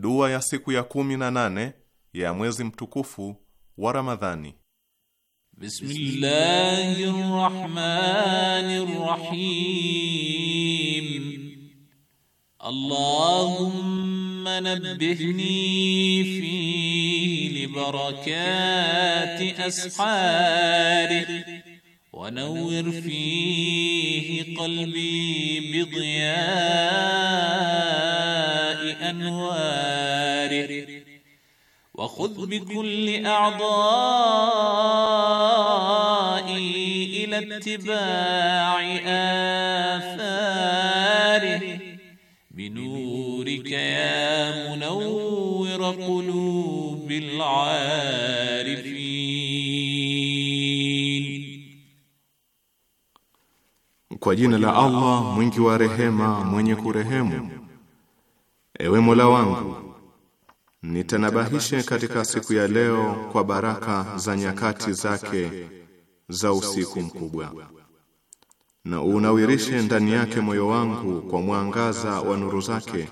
Dua ya siku ya kumi na nane ya mwezi mtukufu wa Ramadhani. Bismillahirrahmanirrahim. Allahumma nabbihni fi libarakati ashari wa nawwir fihi qalbi bidya أنواره وخذ بكل أعضائي إلى اتباع آثاره بنورك يا منور قلوب العارفين Kwa jina la Allah mwingi wa rehema mwenye kurehemu Ewe Mola wangu, nitanabahishe katika siku ya leo kwa baraka za nyakati zake za usiku mkubwa, na unawirishe ndani yake moyo wangu kwa mwangaza wa nuru zake,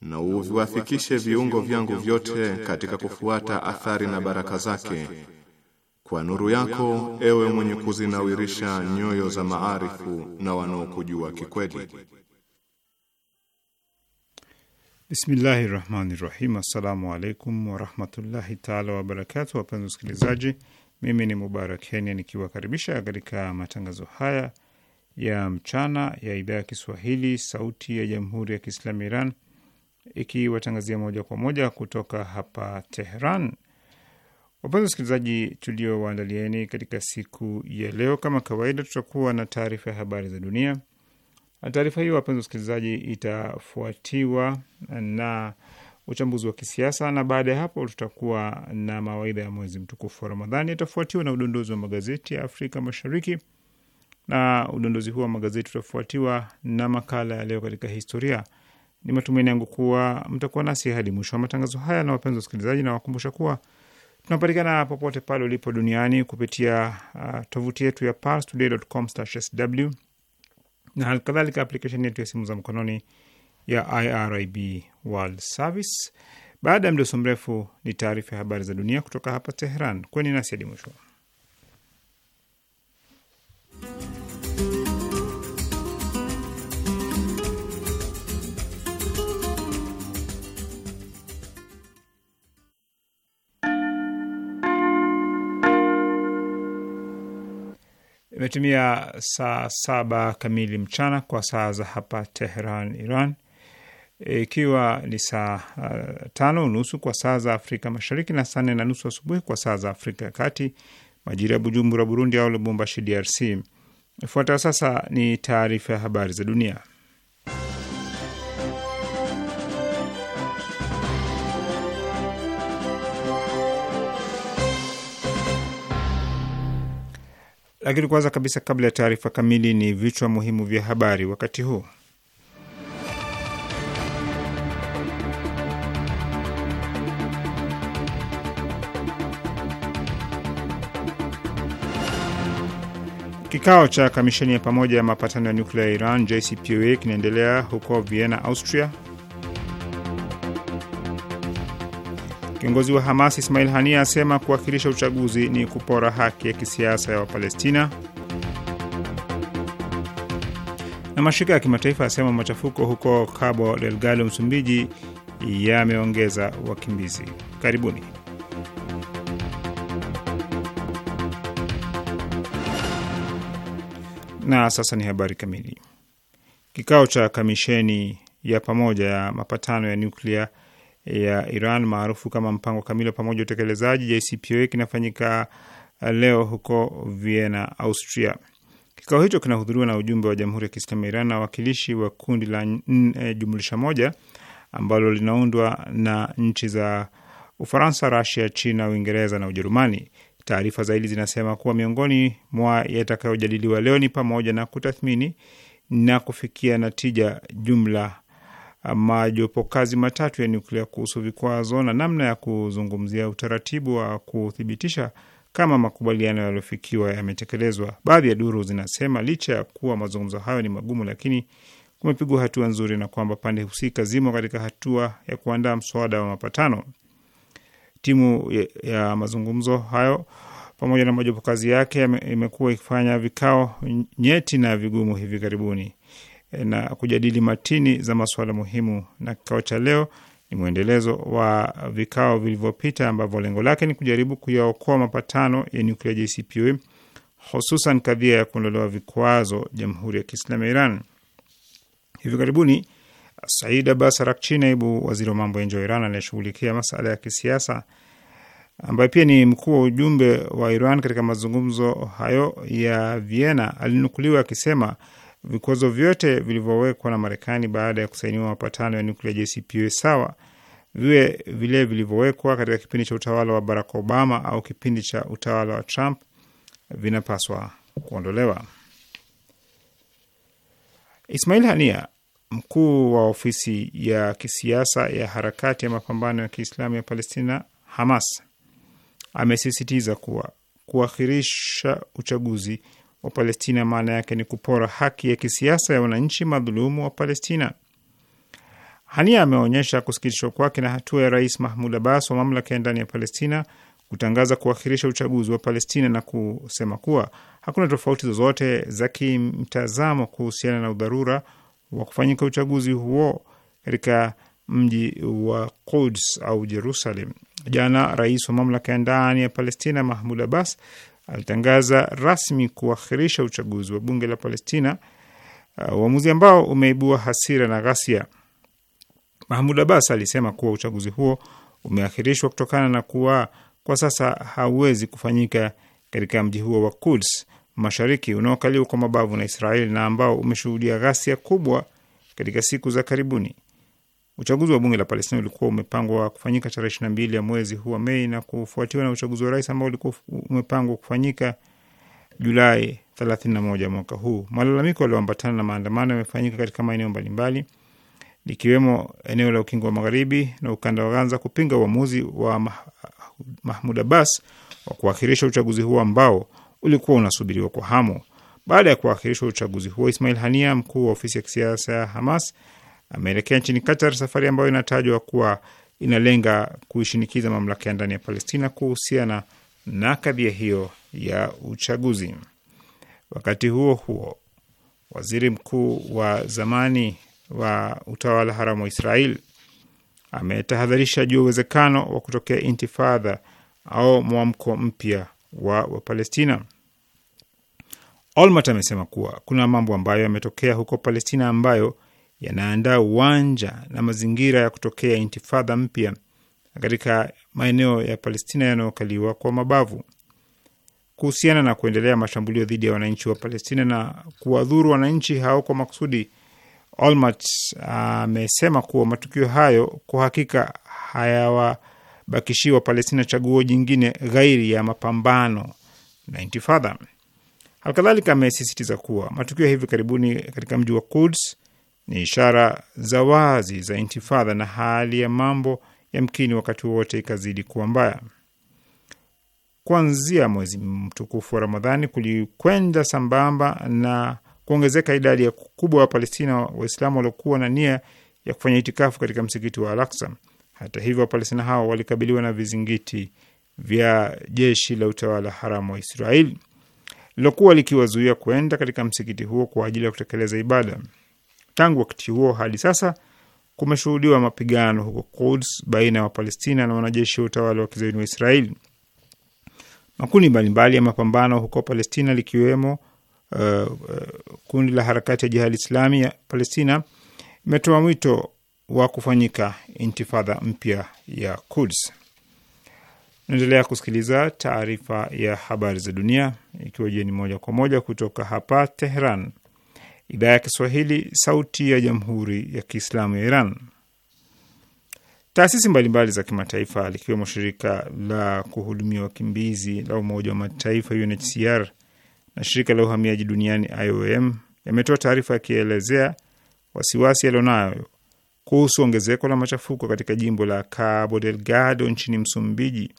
na uviwafikishe viungo vyangu vyote katika kufuata athari na baraka zake kwa nuru yako, ewe mwenye kuzinawirisha nyoyo za maarifu na wanaokujua kikweli. Bismillahi rahmani rahim. Assalamu alaikum warahmatullahi taala wabarakatu. Wapenzi wasikilizaji, mimi ni Mubarak Kenya nikiwakaribisha katika matangazo haya ya mchana ya idhaa ya Kiswahili sauti ya jamhuri ya Kiislamu Iran ikiwatangazia moja kwa moja kutoka hapa Tehran. Wapenzi wasikilizaji, tuliowaandalieni katika siku ya leo, kama kawaida, tutakuwa na taarifa ya habari za dunia Taarifa hiyo, wapenzi wasikilizaji, itafuatiwa na uchambuzi wa kisiasa, na baada ya hapo tutakuwa na mawaidha ya mwezi mtukufu wa Ramadhani, itafuatiwa na udondozi wa magazeti ya Afrika Mashariki, na udondozi huo wa magazeti utafuatiwa na makala ya leo katika historia. Ni matumaini yangu kuwa mtakuwa nasi hadi mwisho wa matangazo haya. Na wapenzi wasikilizaji, nawakumbusha kuwa tunapatikana popote pale ulipo duniani kupitia uh, tovuti yetu ya parstoday.com/sw na halkadhalika aplikesheni yetu ya simu za mkononi ya IRIB World Service. Baada ya mdoso mrefu ni taarifa ya habari za dunia kutoka hapa Teheran. Kweni nasi hadi mwisho. Imetumia saa saba kamili mchana kwa saa za hapa Teheran, Iran, ikiwa ni saa uh, tano nusu kwa saa za Afrika Mashariki na saa nne na nusu asubuhi kwa saa za Afrika ya Kati, majira ya Bujumbura, Burundi, au Lubumbashi, DRC. Ifuatayo sasa ni taarifa ya habari za dunia. Lakini kwanza kabisa, kabla ya taarifa kamili, ni vichwa muhimu vya habari wakati huu. Kikao cha kamisheni ya pamoja ya mapatano ya nyuklia ya Iran JCPOA kinaendelea huko Vienna, Austria. Kiongozi wa Hamas Ismail Hania asema kuwakilisha uchaguzi ni kupora haki ya kisiasa ya Wapalestina, na mashirika ya kimataifa yasema machafuko huko Cabo Delgado, Msumbiji, yameongeza wakimbizi. Karibuni. Na sasa ni habari kamili. Kikao cha kamisheni ya pamoja ya mapatano ya nyuklia ya Iran maarufu kama mpango kamili wa pamoja utekelezaji JCPOA kinafanyika uh, leo huko Vienna, Austria. Kikao hicho kinahudhuriwa na ujumbe wa Jamhuri ya Kiislamu ya Iran na wawakilishi wa kundi la nne eh, jumlisha moja ambalo linaundwa na nchi za Ufaransa, Rasia, China, Uingereza na Ujerumani. Taarifa zaidi zinasema kuwa miongoni mwa yatakayojadiliwa leo ni pamoja na kutathmini na kufikia natija jumla majopo kazi matatu ya nyuklia kuhusu vikwazo na namna ya kuzungumzia utaratibu wa kuthibitisha kama makubaliano yaliyofikiwa yametekelezwa. Baadhi ya duru zinasema licha ya kuwa mazungumzo hayo ni magumu, lakini kumepigwa hatua nzuri na kwamba pande husika zimo katika hatua ya kuandaa mswada wa mapatano. Timu ya mazungumzo hayo pamoja na majopo kazi yake imekuwa ikifanya vikao nyeti na vigumu hivi karibuni na kujadili matini za masuala muhimu. Na kikao cha leo ni mwendelezo wa vikao vilivyopita ambavyo lengo lake ni kujaribu kuyaokoa mapatano ya nuklia JCPOA, hususan kadhia ya kuondolewa vikwazo Jamhuri ya Kiislamu ya Iran. Hivi karibuni Said Abbas Arakchi, naibu waziri wa mambo ya nje wa Iran anayeshughulikia masala ya kisiasa, ambaye pia ni mkuu wa ujumbe wa Iran katika mazungumzo hayo ya Vienna, alinukuliwa akisema vikwazo vyote vilivyowekwa na Marekani baada ya kusainiwa mapatano ya nuklia JCPOA sawa viwe vile vilivyowekwa katika kipindi cha utawala wa Barack Obama au kipindi cha utawala wa Trump vinapaswa kuondolewa. Ismail Hania, mkuu wa ofisi ya kisiasa ya harakati ya mapambano ya Kiislamu ya Palestina Hamas, amesisitiza kuwa kuahirisha uchaguzi wa Palestina, maana yake ni kupora haki ya kisiasa ya wananchi madhulumu wa Palestina. Hania ameonyesha kusikitishwa kwake na hatua ya Rais Mahmud Abbas wa mamlaka ya ndani ya Palestina kutangaza kuahirisha uchaguzi wa Palestina na kusema kuwa hakuna tofauti zozote za kimtazamo kuhusiana na udharura wa kufanyika uchaguzi huo katika mji wa Quds au Jerusalem. Jana rais wa mamlaka ya ndani ya Palestina Mahmud Abbas alitangaza rasmi kuakhirisha uchaguzi wa bunge la Palestina, uh, uamuzi uh, ambao umeibua hasira na ghasia. Mahmud Abbas alisema kuwa uchaguzi huo umeakhirishwa kutokana na kuwa kwa sasa hauwezi kufanyika katika mji huo wa Kuds mashariki unaokaliwa kwa mabavu na Israeli na ambao umeshuhudia ghasia kubwa katika siku za karibuni. Uchaguzi wa bunge la Palestina ulikuwa umepangwa kufanyika tarehe 22 ya mwezi huu wa Mei na kufuatiwa na uchaguzi wa rais ambao ulikuwa umepangwa kufanyika Julai 31 mwaka huu. Malalamiko yaliyoambatana na maandamano yamefanyika katika maeneo mbalimbali likiwemo eneo la Ukingo wa Magharibi na ukanda wa Gaza kupinga uamuzi wa, Mahmud Abbas wa kuakhirisha uchaguzi huo ambao ulikuwa unasubiriwa kwa hamu. Baada ya kuakhirishwa uchaguzi huo, Ismail Hania, mkuu wa ofisi ya kisiasa ya Hamas, ameelekea nchini Qatar, safari ambayo inatajwa kuwa inalenga kuishinikiza mamlaka ya ndani ya Palestina kuhusiana na kadhia hiyo ya uchaguzi. Wakati huo huo, waziri mkuu wa zamani wa utawala haramu wa Israel ametahadharisha juu ya uwezekano wa kutokea intifadha au mwamko mpya wa Wapalestina. Olmert amesema kuwa kuna mambo ambayo yametokea huko Palestina ambayo yanaandaa uwanja na mazingira ya kutokea intifadha mpya katika maeneo ya Palestina yanayokaliwa kwa mabavu. Kuhusiana na kuendelea mashambulio dhidi ya wananchi wa Palestina na kuwadhuru wananchi hao kwa makusudi, Olmert amesema kuwa matukio hayo kwa hakika hayawabakishii Wapalestina chaguo jingine ghairi ya mapambano na intifadha. Halikadhalika amesisitiza kuwa matukio hivi karibuni katika mji wa Kuds ni ishara za wazi za intifadha, na hali ya mambo yamkini wakati wowote ikazidi kuwa mbaya. Kuanzia mwezi mtukufu wa Ramadhani kulikwenda sambamba na kuongezeka idadi ya kubwa wa Palestina Waislamu waliokuwa na nia ya kufanya itikafu katika msikiti wa Al-Aqsa. Hata hivyo, Wapalestina hao walikabiliwa na vizingiti vya jeshi la utawala haramu wa Israeli lilokuwa likiwazuia kuenda katika msikiti huo kwa ajili ya kutekeleza ibada. Tangu wakati huo hadi sasa kumeshuhudiwa mapigano huko Quds baina ya Wapalestina na wanajeshi wa utawala wa kizayuni wa Israeli. Makundi mbalimbali ya mapambano huko Palestina likiwemo uh, uh kundi la harakati ya Jihadi Islami ya Palestina imetoa mwito wa kufanyika intifadha mpya ya Quds. Naendelea kusikiliza taarifa ya habari za dunia, ikiwa ni moja kwa moja kutoka hapa Tehran idhaa ya Kiswahili, sauti ya jamhuri ya kiislamu ya Iran. Taasisi mbalimbali za kimataifa likiwemo shirika la kuhudumia wakimbizi la Umoja wa Mataifa UNHCR na shirika la uhamiaji duniani IOM yametoa taarifa yakielezea wasiwasi yalionayo kuhusu ongezeko la machafuko katika jimbo la Cabo Delgado nchini Msumbiji,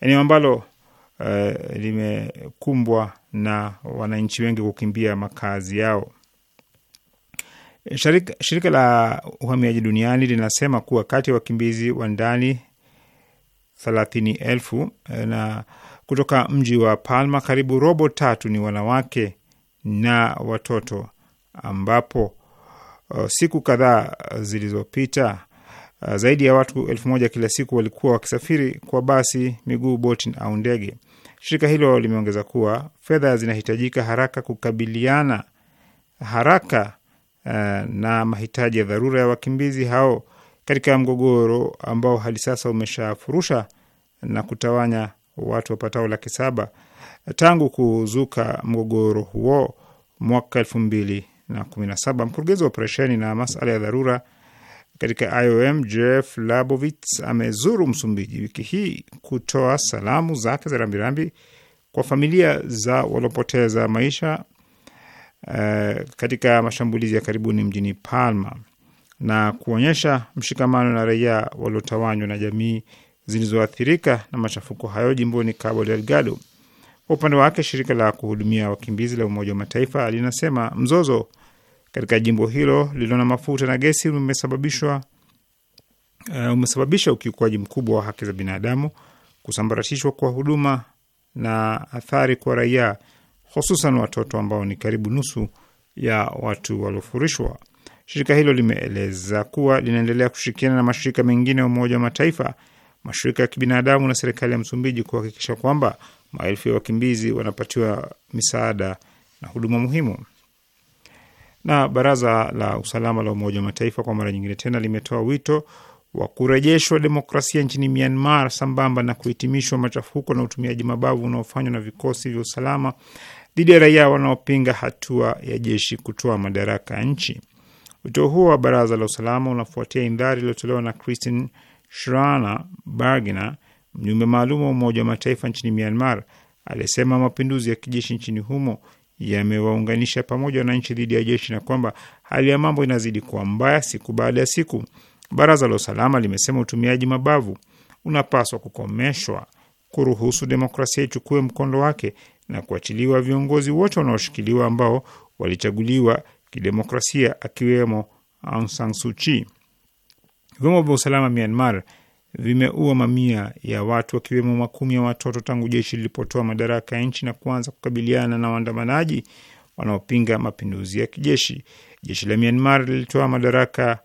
eneo ambalo uh, limekumbwa na wananchi wengi kukimbia makazi yao. Shirika, shirika la uhamiaji duniani linasema kuwa kati ya wakimbizi wa ndani thelathini elfu eh, na kutoka mji wa Palma karibu robo tatu ni wanawake na watoto, ambapo eh, siku kadhaa zilizopita eh, zaidi ya watu elfu moja kila siku walikuwa wakisafiri kwa basi, miguu, boti au ndege. Shirika hilo limeongeza kuwa fedha zinahitajika haraka kukabiliana haraka Eh, na mahitaji ya dharura ya wakimbizi hao katika mgogoro ambao hadi sasa umeshafurusha na kutawanya watu wapatao laki saba eh, tangu kuzuka mgogoro huo mwaka elfu mbili na kumi na saba. Mkurugenzi wa operesheni na masala ya dharura katika IOM Jeff Labovitz amezuru Msumbiji wiki hii kutoa salamu zake za rambirambi kwa familia za waliopoteza maisha Eh, katika mashambulizi ya karibuni mjini Palma na kuonyesha mshikamano na raia waliotawanywa na jamii zilizoathirika na machafuko hayo jimboni Cabo Delgado. Kwa upande wake, shirika la kuhudumia wakimbizi la Umoja wa Mataifa linasema mzozo katika jimbo hilo lililo na mafuta na gesi umesababishwa uh, umesababisha ukiukwaji mkubwa wa haki za binadamu, kusambaratishwa kwa huduma na athari kwa raia hususan watoto ambao ni karibu nusu ya watu waliofurishwa. Shirika hilo limeeleza kuwa linaendelea kushirikiana na mashirika mengine ya Umoja wa Mataifa, mashirika ya kibinadamu na serikali ya Msumbiji kuhakikisha kwamba maelfu ya wakimbizi wanapatiwa misaada na huduma muhimu. Na Baraza la Usalama la Umoja wa Mataifa kwa mara nyingine tena limetoa wito wa kurejeshwa demokrasia nchini Myanmar sambamba na kuhitimishwa machafuko na utumiaji mabavu unaofanywa na vikosi vya usalama dhidi ya raia wanaopinga hatua ya jeshi kutoa madaraka ya nchi. Wito huo wa baraza la usalama unafuatia indhari iliyotolewa na Christine Shrana Burgener, mjumbe maalum wa Umoja wa Mataifa nchini Myanmar, alisema mapinduzi ya kijeshi nchini humo yamewaunganisha pamoja wananchi dhidi ya jeshi na kwamba hali ya mambo inazidi kuwa mbaya siku baada ya siku. Baraza la usalama limesema utumiaji mabavu unapaswa kukomeshwa, kuruhusu demokrasia ichukue mkondo wake na kuachiliwa viongozi wote wanaoshikiliwa ambao walichaguliwa kidemokrasia akiwemo Aung San Suu Kyi. Vyombo vya usalama Myanmar vimeua mamia ya watu wakiwemo makumi ya watoto tangu jeshi lilipotoa madaraka ya nchi na kuanza kukabiliana na waandamanaji wanaopinga mapinduzi ya kijeshi. Jeshi la Myanmar lilitoa madaraka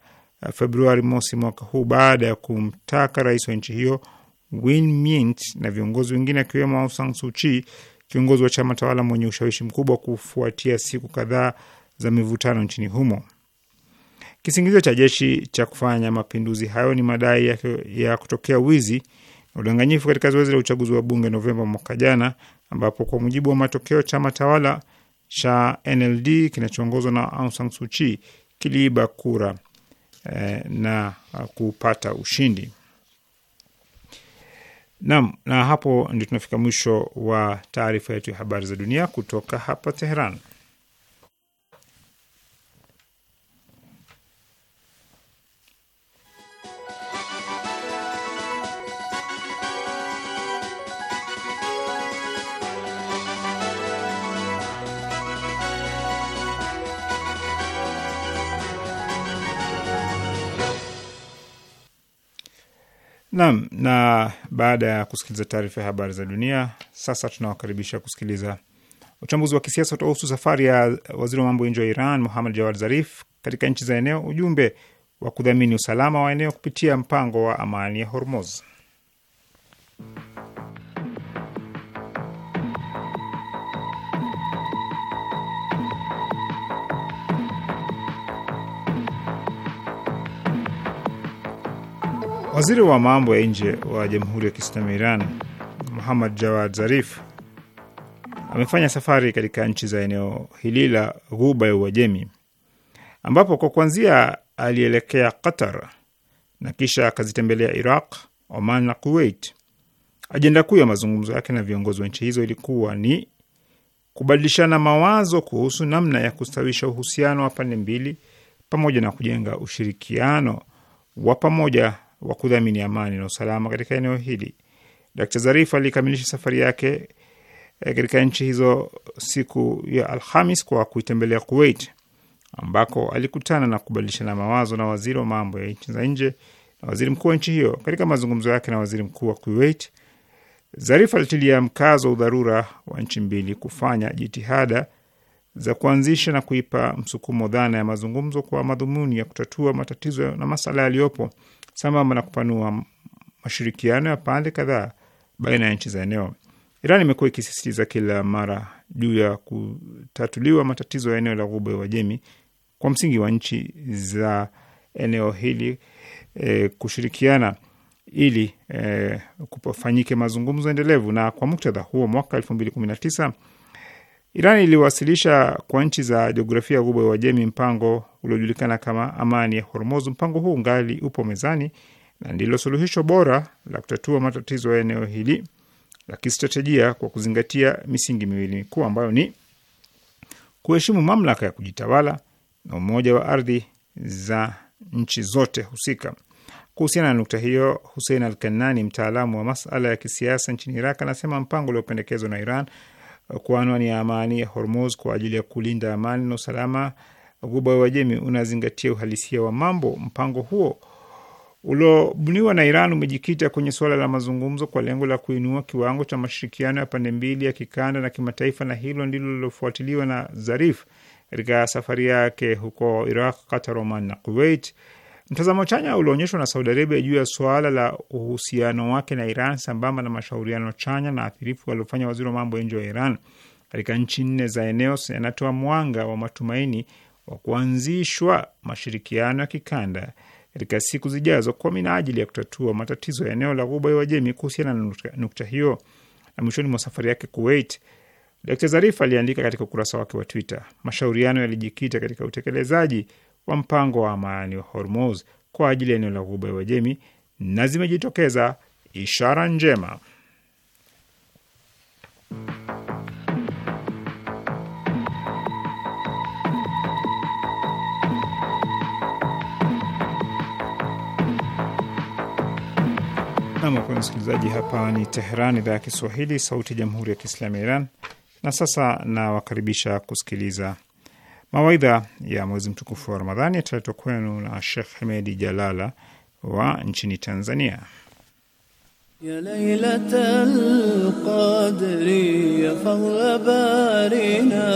eh, Februari mosi mwaka huu baada ya kumtaka rais wa nchi hiyo Win Myint na viongozi wengine akiwemo Aung San Suu Kyi kiongozi wa chama tawala mwenye ushawishi mkubwa, kufuatia siku kadhaa za mivutano nchini humo. Kisingizio cha jeshi cha kufanya mapinduzi hayo ni madai ya, ya kutokea wizi na udanganyifu katika zoezi la uchaguzi wa bunge Novemba mwaka jana, ambapo kwa mujibu wa matokeo chama tawala cha NLD kinachoongozwa na Aung San Suu Kyi kiliiba kura eh, na uh, kupata ushindi. Naam, na hapo ndio tunafika mwisho wa taarifa yetu ya habari za dunia kutoka hapa Teheran. Naam, na baada ya kusikiliza taarifa ya habari za dunia, sasa tunawakaribisha kusikiliza uchambuzi wa kisiasa utahusu safari ya waziri wa mambo ya nje wa Iran Muhammad Jawad Zarif katika nchi za eneo, ujumbe wa kudhamini usalama wa eneo kupitia mpango wa amani ya Hormuz. Waziri wa mambo ya nje wa Jamhuri ya Kiislamu ya Iran Muhammad Jawad Zarif amefanya safari katika nchi za eneo hili la Ghuba ya Uajemi, ambapo kwa kuanzia alielekea Qatar na kisha akazitembelea Iraq, Oman na Kuwait. Ajenda kuu ya mazungumzo yake na viongozi wa nchi hizo ilikuwa ni kubadilishana mawazo kuhusu namna ya kustawisha uhusiano wa pande mbili pamoja na kujenga ushirikiano wa pamoja wa kudhamini amani na usalama katika eneo hili. Dr Zarif alikamilisha safari yake eh, katika nchi hizo siku ya Alhamis kwa kuitembelea Kuwait ambako alikutana na kubadilishana mawazo na waziri wa mambo ya nchi za nje na waziri mkuu wa nchi hiyo. Katika mazungumzo yake na waziri mkuu wa Kuwait, Zarif alitilia mkazo wa udharura wa nchi mbili kufanya jitihada za kuanzisha na kuipa msukumo dhana ya mazungumzo kwa madhumuni ya kutatua matatizo na masala yaliyopo sambamba na kupanua mashirikiano ya pande kadhaa baina ya nchi za eneo. Iran imekuwa ikisisitiza kila mara juu ya kutatuliwa matatizo ya eneo la Ghuba ya Uajemi kwa msingi wa nchi za eneo hili e, kushirikiana ili e, kufanyike mazungumzo endelevu. Na kwa muktadha huo, mwaka elfu mbili kumi tisa Iran iliwasilisha kwa nchi za jiografia ya Ghuba ya Uajemi mpango uliojulikana kama Amani ya Hormuz. Mpango huu ungali upo mezani na ndilo suluhisho bora la kutatua matatizo ya eneo hili la kistratejia kwa kuzingatia misingi miwili mikuu ambayo ni kuheshimu mamlaka ya kujitawala na umoja wa ardhi za nchi zote husika. Kuhusiana na nukta hiyo, Hussein Al Kanani, mtaalamu wa masala ya kisiasa nchini Iraq, anasema mpango uliopendekezwa na Iran kwa anwani ya amani ya Hormuz kwa ajili ya kulinda amani na usalama Ghuba ya Uajemi unazingatia uhalisia wa mambo. Mpango huo uliobuniwa na Iran umejikita kwenye suala la mazungumzo kwa lengo la kuinua kiwango cha mashirikiano ya pande mbili ya kikanda na kimataifa, na hilo ndilo lilofuatiliwa na Zarif katika safari yake huko Iraq, Qatar, Oman na Kuwait Mtazamo chanya ulioonyeshwa na Saudi Arabia juu ya suala la uhusiano wake na Iran sambamba na mashauriano chanya na athirifu waliofanya waziri wa mambo ya nje wa Iran katika nchi nne za eneo yanatoa mwanga wa matumaini wa kuanzishwa mashirikiano ya kikanda katika siku zijazo kwa minajili ya kutatua matatizo ya eneo la Ghuba ya Uajemi. Kuhusiana na nukta hiyo na mwishoni mwa safari yake Kuwait, Dr Zarif aliandika katika ukurasa wake wa Twitter, mashauriano yalijikita katika utekelezaji wa mpango wa amani wa Hormuz kwa ajili ya eneo la Ghuba ya Uajemi na zimejitokeza ishara njema. Namwapea msikilizaji, hapa ni Teheran, idhaa ya Kiswahili, sauti ya jamhuri ya kiislamu ya Iran. Na sasa nawakaribisha kusikiliza Mawaidha ya mwezi mtukufu wa Ramadhani yataletwa kwenu na Shekh Hemedi Jalala wa nchini Tanzania. Ya Lailatal Qadri ya fadhla barina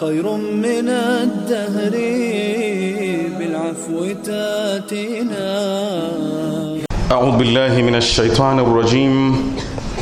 khairun min ad-dahri bil afwi tatina. A'udhu billahi minash shaitani rrajim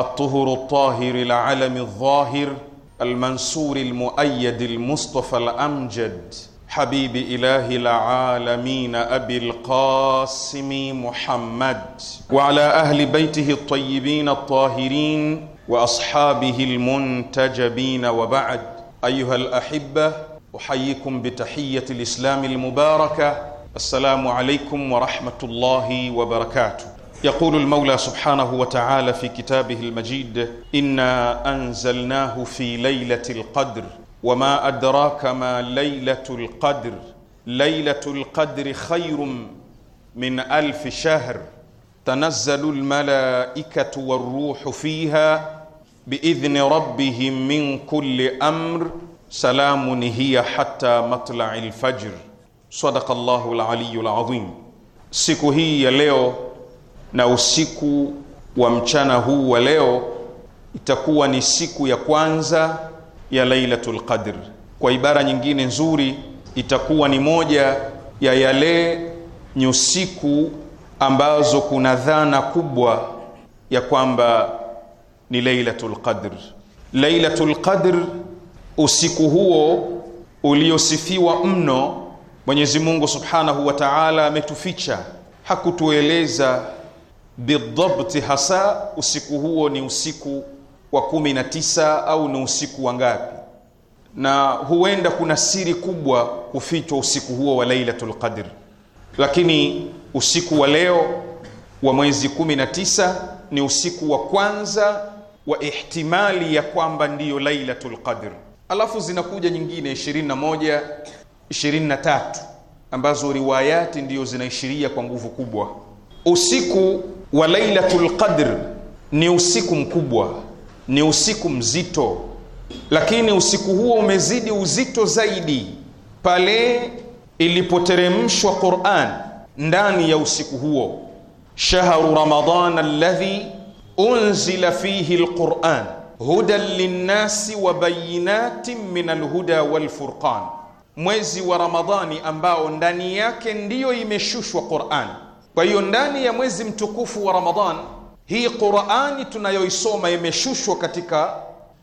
الطهر الطاهر العلم الظاهر المنصور المؤيد المصطفى الامجد حبيب اله العالمين ابي القاسم محمد وعلى اهل بيته الطيبين الطاهرين واصحابه المنتجبين وبعد ايها الاحبه احييكم بتحيه الاسلام المباركه السلام عليكم ورحمه الله وبركاته يقول المولى سبحانه وتعالى في كتابه المجيد انا انزلناه في ليله القدر وما ادراك ما ليله القدر ليله القدر خير من الف شهر تنزل الملائكه والروح فيها باذن ربهم من كل امر سلام هي حتى مطلع الفجر صدق الله العلي العظيم siku hii na usiku wa mchana huu wa leo itakuwa ni siku ya kwanza ya Lailatul Qadr. Kwa ibara nyingine nzuri, itakuwa ni moja ya yale nyusiku ambazo kuna dhana kubwa ya kwamba ni Lailatul Qadr. Lailatul Qadr, usiku huo uliosifiwa mno, Mwenyezi Mungu Subhanahu wa Ta'ala ametuficha, hakutueleza bidhabti hasa, usiku huo ni usiku wa kumi na tisa au ni usiku wa ngapi? Na huenda kuna siri kubwa kufichwa usiku huo wa Lailatul Qadr, lakini usiku wa leo wa mwezi kumi na tisa ni usiku wa kwanza wa ihtimali ya kwamba ndiyo Lailatul Qadr. Alafu zinakuja nyingine 21, 23 ambazo riwayati ndiyo zinaishiria kwa nguvu kubwa usiku wa lailatul qadr ni usiku mkubwa, ni usiku mzito, lakini usiku huo umezidi uzito zaidi pale ilipoteremshwa Qur'an ndani ya usiku huo, shahru ramadana aladhi unzila fihi lquran hudan linnasi wa bayinatin min alhuda walfurqan, mwezi wa Ramadhani ambao ndani yake ndiyo imeshushwa Qur'an kwa hiyo ndani ya mwezi mtukufu wa Ramadhan, hii Qur'ani tunayoisoma imeshushwa katika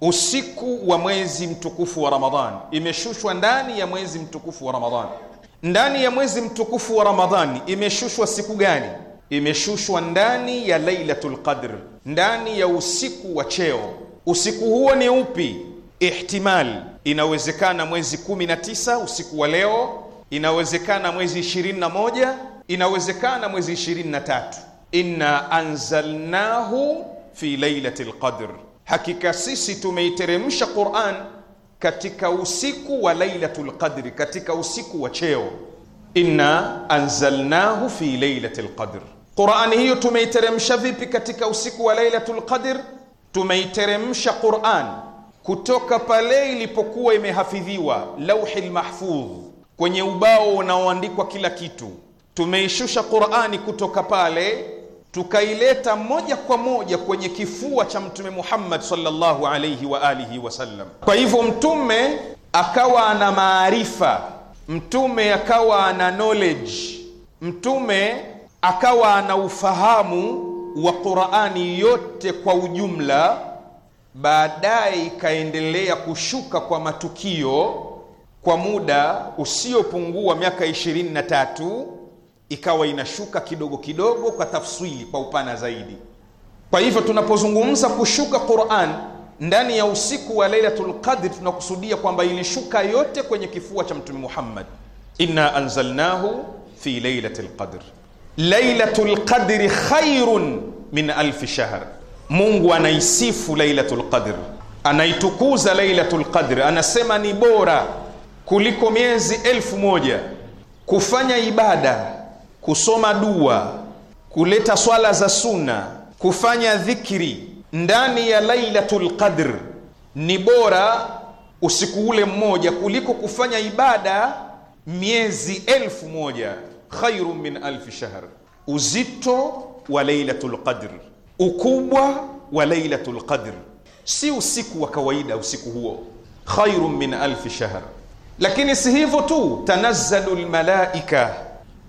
usiku wa mwezi mtukufu wa Ramadhan, imeshushwa ndani ya mwezi mtukufu wa Ramadhan. Ndani ya mwezi mtukufu wa Ramadhani imeshushwa siku gani? Imeshushwa ndani ya Lailatul Qadr, ndani ya usiku wa cheo. Usiku huo ni upi? Ihtimal, inawezekana mwezi 19 usiku wa leo, inawezekana mwezi 21 inawezekana mwezi 23, inna anzalnahu fi lailatil qadr, hakika sisi tumeiteremsha Qur'an katika usiku wa lailatul qadri, katika usiku wa cheo. Inna anzalnahu fi lailatil lqadr Qur'ani hiyo tumeiteremsha vipi katika usiku wa lailatul lqadr Tumeiteremsha Qur'an kutoka pale ilipokuwa imehafidhiwa lauhi lmahfudh, kwenye ubao unaoandikwa kila kitu Tumeishusha Qur'ani kutoka pale tukaileta moja kwa moja kwenye kifua cha Mtume Muhammad sallallahu alayhi wa alihi wasallam. Kwa hivyo mtume akawa ana maarifa, mtume akawa ana knowledge, mtume akawa ana ufahamu wa Qur'ani yote kwa ujumla. Baadaye ikaendelea kushuka kwa matukio kwa muda usiopungua miaka ishirini na tatu ikawa inashuka kidogo kidogo kwa tafsiri, kwa upana zaidi. Kwa hivyo tunapozungumza kushuka Qur'an ndani ya usiku wa Lailatul Qadr, tunakusudia kwamba ilishuka yote kwenye kifua cha Mtume Muhammad, inna anzalnahu fi lailatul qadr, lailatul Qadr khairun min alf shahr. Mungu anaisifu Lailatul Qadr, anaitukuza Lailatul Qadr, anasema ni bora kuliko miezi elfu moja. Kufanya ibada kusoma dua, kuleta swala za sunna, kufanya dhikri ndani ya Lailatul Qadr ni bora usiku ule mmoja kuliko kufanya ibada miezi elfu moja. Khairu min alfi shahr. Uzito wa Lailatul Qadr, ukubwa wa Lailatul Qadr si usiku wa kawaida. Usiku huo khairu min alfi shahr. Lakini si hivyo tu, tanazzalu lmalaika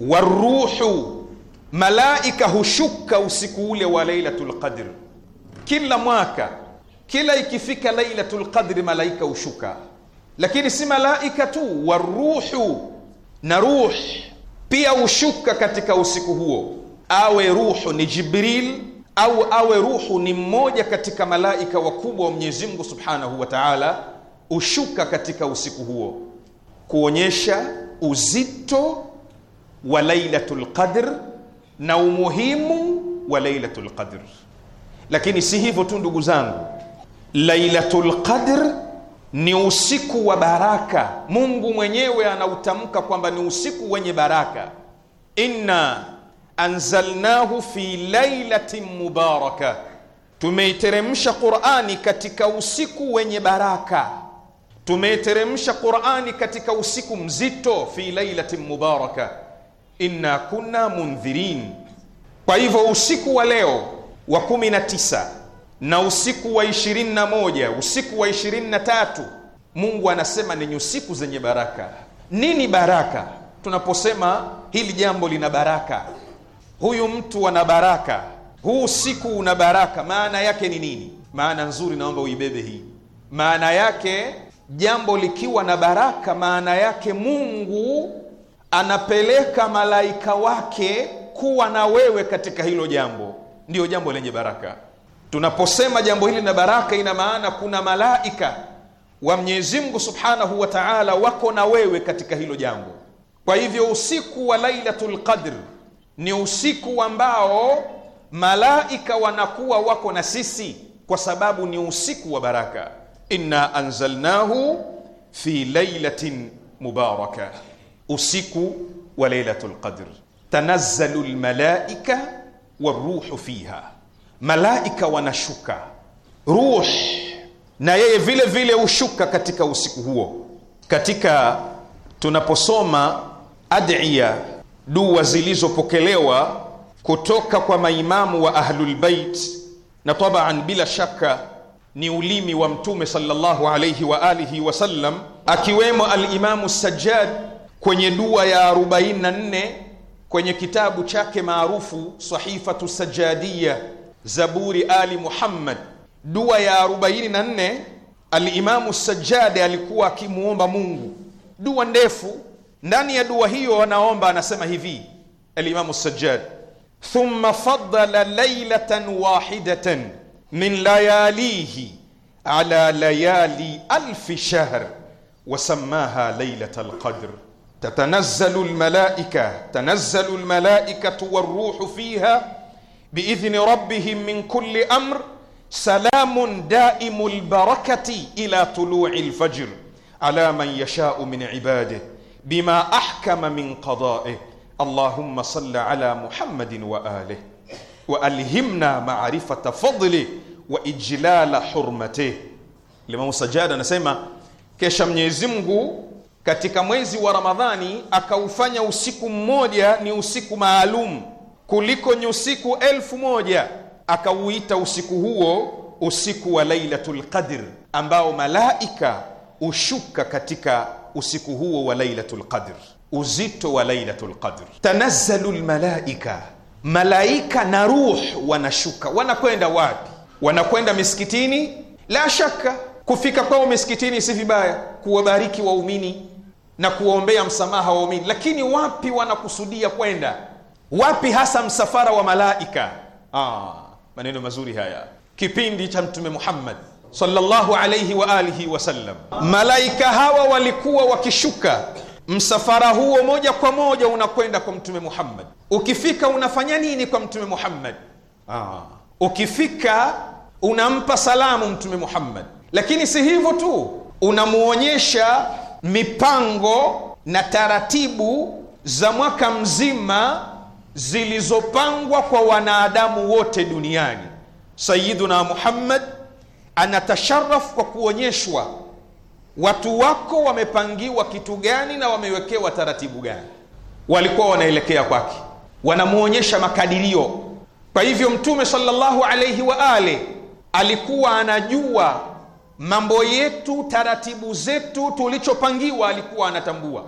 waruhu, malaika hushuka usiku ule wa Lailatul Qadr. Kila mwaka, kila ikifika Lailatul Qadri malaika hushuka, lakini si malaika tu, waruhu na ruh pia hushuka katika usiku huo, awe ruhu ni Jibril au awe ruhu ni mmoja katika malaika wakubwa wa Mwenyezi Mungu Subhanahu wa Ta'ala, hushuka katika usiku huo kuonyesha uzito wa lailatul qadr na umuhimu wa lailatul qadr. Lakini si hivyo tu ndugu zangu, lailatul qadr ni usiku wa baraka. Mungu mwenyewe anautamka kwamba ni usiku wenye baraka, inna anzalnahu fi lailatin mubaraka, tumeiteremsha Qurani katika usiku wenye baraka. Tumeiteremsha Qurani katika usiku mzito, fi lailatin mubaraka inna kunna mundhirin. Kwa hivyo usiku wa leo wa kumi na tisa na usiku wa ishirini na moja usiku wa ishirini na tatu Mungu anasema ninyi usiku zenye baraka. Nini baraka? Tunaposema hili jambo lina baraka, huyu mtu ana baraka, huu usiku una baraka, maana yake ni nini? Maana nzuri, naomba uibebe hii maana yake, jambo likiwa na baraka, maana yake Mungu anapeleka malaika wake kuwa na wewe katika hilo jambo, ndiyo jambo lenye baraka. Tunaposema jambo hili na baraka, ina maana kuna malaika wa Mwenyezi Mungu Subhanahu wa Ta'ala wako na wewe katika hilo jambo. Kwa hivyo usiku wa Lailatul Qadr ni usiku ambao malaika wanakuwa wako na sisi, kwa sababu ni usiku wa baraka. Inna anzalnahu fi lailatin mubarakah usiku wa Lailatul Qadr, tanazzalu lmalaika waruhu fiha, malaika wanashuka, ruh na yeye vile vile hushuka katika usiku huo. Katika tunaposoma adiya dua zilizopokelewa kutoka kwa maimamu wa Ahlulbait na tabaan, bila shaka ni ulimi wa Mtume sallallahu alayhi wa alihi wasallam, akiwemo Alimamu Sajjad kwenye dua ya 44 kwenye kitabu chake maarufu Sahifatu Sajadiya Zaburi Ali Muhammad, dua ya 44 Alimamu Sajjadi alikuwa akimwomba Mungu dua ndefu. Ndani ya dua hiyo anaomba, anasema hivi Alimamu Sajjad, thumma faddala lailatan wahidatan min layalihi ala layali alfi shahr wasamaha lailat alqadr تتنزل الملائكة تنزل الملائكة والروح فيها بإذن ربهم من كل أمر سلام دائم البركة إلى طلوع الفجر على من يشاء من عباده بما أحكم من قضائه اللهم صل على محمد وآله وألهمنا معرفة فضله وإجلال حرمته لما مسجada انا سيما Mwenyezi يزمغو katika mwezi wa Ramadhani akaufanya usiku mmoja ni usiku maalum kuliko ni usiku elfu moja akauita usiku huo usiku wa Lailatul Qadr, ambao malaika ushuka katika usiku huo wa Lailatul Qadr. Uzito wa Lailatul Qadr, tanazzalu lmalaika, malaika na ruh wanashuka. Wanakwenda wapi? Wanakwenda misikitini, la shaka kufika kwao misikitini si vibaya, kuwabariki waumini na kuwaombea msamaha waumini, lakini wapi wanakusudia kwenda? Wapi hasa msafara wa malaika? Ah, maneno mazuri haya. Kipindi cha Mtume Muhammad sallallahu alayhi wa alihi wasallam, malaika hawa walikuwa wakishuka, msafara huo moja kwa moja unakwenda kwa Mtume Muhammad. Ukifika unafanya nini kwa Mtume Muhammad? Ah, ukifika unampa salamu Mtume Muhammad, lakini si hivyo tu, unamwonyesha mipango na taratibu za mwaka mzima zilizopangwa kwa wanadamu wote duniani. Sayiduna Muhammad anatasharafu kwa kuonyeshwa watu wako wamepangiwa kitu gani na wamewekewa taratibu gani, walikuwa wanaelekea kwake, wanamwonyesha makadirio. Kwa hivyo Mtume sallallahu alaihi wa ale alikuwa anajua mambo yetu, taratibu zetu, tulichopangiwa alikuwa anatambua,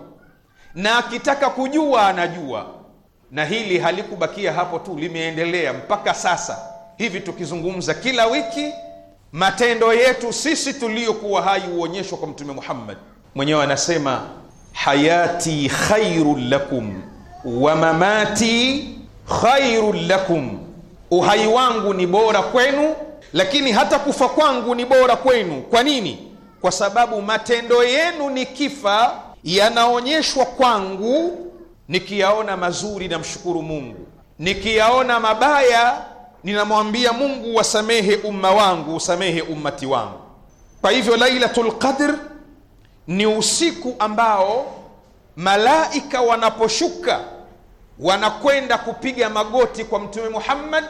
na akitaka kujua anajua. Na hili halikubakia hapo tu, limeendelea mpaka sasa hivi tukizungumza, kila wiki matendo yetu sisi tuliyokuwa hai huonyeshwa kwa Mtume Muhammad mwenyewe anasema, hayati khairu lakum wa mamati khairu lakum, uhai wangu ni bora kwenu lakini hata kufa kwangu ni bora kwenu. Kwa nini? Kwa sababu matendo yenu ni kifa yanaonyeshwa kwangu, nikiyaona mazuri namshukuru Mungu, nikiyaona mabaya ninamwambia Mungu, wasamehe umma wangu, usamehe ummati wangu. Kwa hivyo Lailatul Qadr ni usiku ambao malaika wanaposhuka wanakwenda kupiga magoti kwa Mtume Muhammad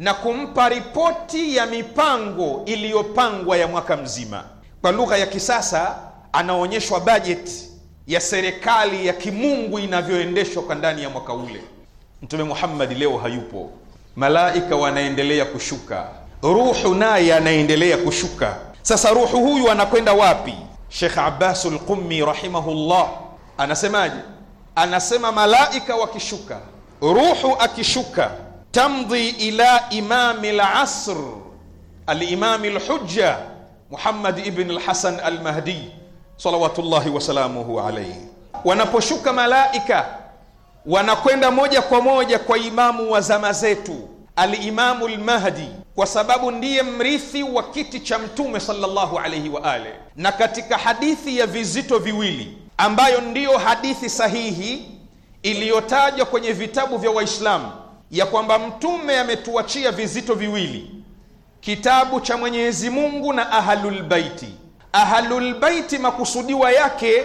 na kumpa ripoti ya mipango iliyopangwa ya mwaka mzima. Kwa lugha ya kisasa, anaonyeshwa bajeti ya serikali ya kimungu inavyoendeshwa kwa ndani ya mwaka ule. Mtume muhammadi leo hayupo, malaika wanaendelea kushuka, ruhu naye anaendelea kushuka. Sasa ruhu huyu anakwenda wapi? Shekh abbas lqummi rahimahullah anasemaje? Anasema malaika wakishuka, ruhu akishuka tamdhi ila imami al-asr al-imami al-hujja Muhammad ibn al-Hasan al-Mahdi salawatullahi wasalamuhu alayhi. Wanaposhuka malaika wanakwenda moja kwa moja kwa imamu wa zama zetu al-Imamu al-Mahdi, kwa sababu ndiye mrithi wa kiti cha Mtume sallallahu alayhi wa ale. Na katika hadithi ya vizito viwili ambayo ndiyo hadithi sahihi iliyotajwa kwenye vitabu vya Waislamu ya kwamba mtume ametuachia vizito viwili, kitabu cha Mwenyezi Mungu na Ahlulbaiti. Ahlulbaiti makusudiwa yake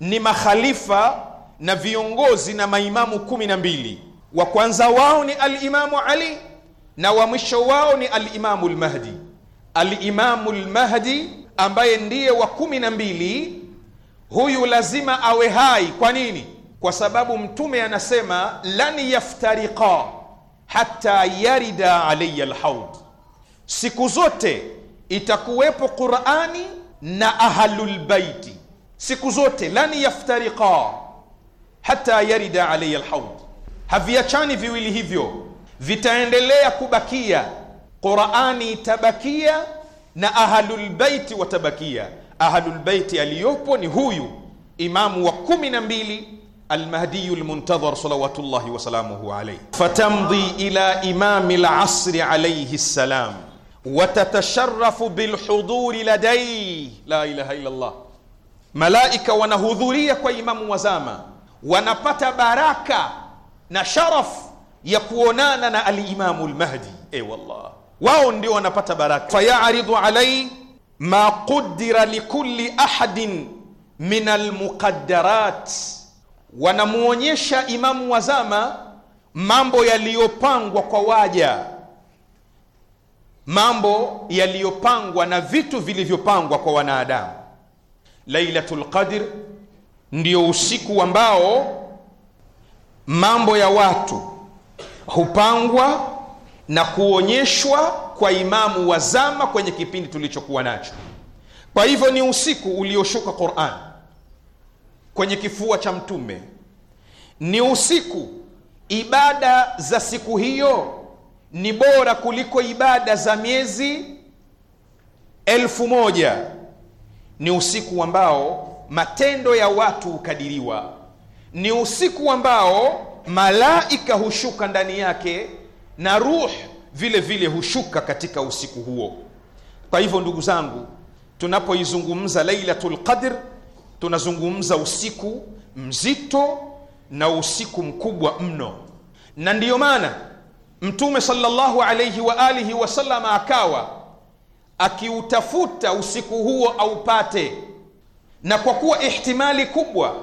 ni makhalifa na viongozi na maimamu kumi na mbili. Wa kwanza wao ni Alimamu Ali na wa mwisho wao ni Alimamu Lmahdi. Alimamu Lmahdi ambaye ndiye wa kumi na mbili, huyu lazima awe hai. Kwa nini? Kwa sababu mtume anasema lan yaftariqa hata yarida alaya lhaud, siku zote itakuwepo Qurani na ahlulbaiti siku zote, lan yaftariqa hata yarida alaya lhaud, haviachani viwili hivyo, vitaendelea kubakia. Qurani itabakia na ahlulbaiti watabakia. Ahlulbaiti aliyopo ni huyu imamu wa kumi na mbili almahdiyu lmuntadhar salawatullahi wasalamuhu alaihi fatamdhi ila imami lasri alaihi ssalam watatasharafu bilhuduri ladaihi la ilaha illa llah. Malaika wanahudhuria kwa imamu wazama, wanapata baraka na sharafu ya kuonana na alimamu lmahdi. E wallah, wao ndio wanapata baraka. fayaridhu alaihi ma qudira likuli ahadin min almuqaddarat wanamwonyesha imamu wazama mambo yaliyopangwa kwa waja, mambo yaliyopangwa na vitu vilivyopangwa kwa wanadamu. Lailatul Qadr ndio usiku ambao mambo ya watu hupangwa na kuonyeshwa kwa imamu wazama kwenye kipindi tulichokuwa nacho. Kwa hivyo ni usiku ulioshuka Qur'an kwenye kifua cha Mtume ni usiku. Ibada za siku hiyo ni bora kuliko ibada za miezi elfu moja. Ni usiku ambao matendo ya watu hukadiriwa, ni usiku ambao malaika hushuka ndani yake na ruh vile vile hushuka katika usiku huo. Kwa hivyo, ndugu zangu, tunapoizungumza lailatu lqadr tunazungumza usiku mzito na usiku mkubwa mno na ndiyo maana mtume sallallahu alaihi wa alihi wasalama akawa akiutafuta usiku huo aupate na kwa kuwa ihtimali kubwa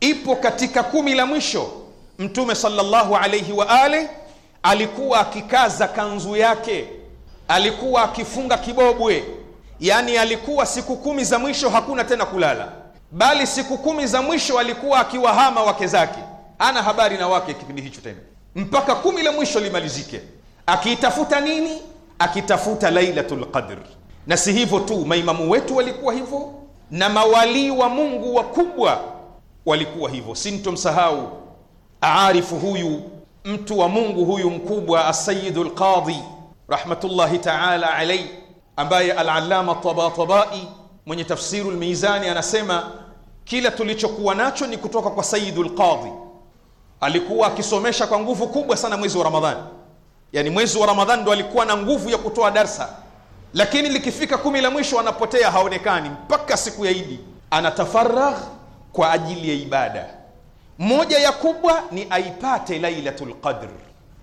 ipo katika kumi la mwisho mtume sallallahu alaihi wa ali alikuwa akikaza kanzu yake alikuwa akifunga kibobwe yani alikuwa siku kumi za mwisho hakuna tena kulala bali siku kumi za mwisho alikuwa akiwahama wake zake, ana habari na wake kipindi hicho tena, mpaka kumi la mwisho limalizike. Akiitafuta nini? Akitafuta Lailatul Qadr. Na si hivyo tu, maimamu wetu walikuwa hivyo na mawalii wa Mungu wakubwa walikuwa hivyo. Sintomsahau aarifu huyu mtu wa Mungu huyu mkubwa Asayidu Lqadhi rahmatullahi taala alaihi, ambaye Alalama Tabatabai mwenye tafsiru lmizani anasema kila tulichokuwa nacho ni kutoka kwa sayidu lqadhi. Alikuwa akisomesha kwa nguvu kubwa sana mwezi wa Ramadhani, yani mwezi wa Ramadhani ndo alikuwa na nguvu ya kutoa darsa, lakini likifika kumi la mwisho anapotea, haonekani mpaka siku ya Idi anatafaragh kwa ajili ya ibada. Moja ya kubwa ni aipate lailatu lqadr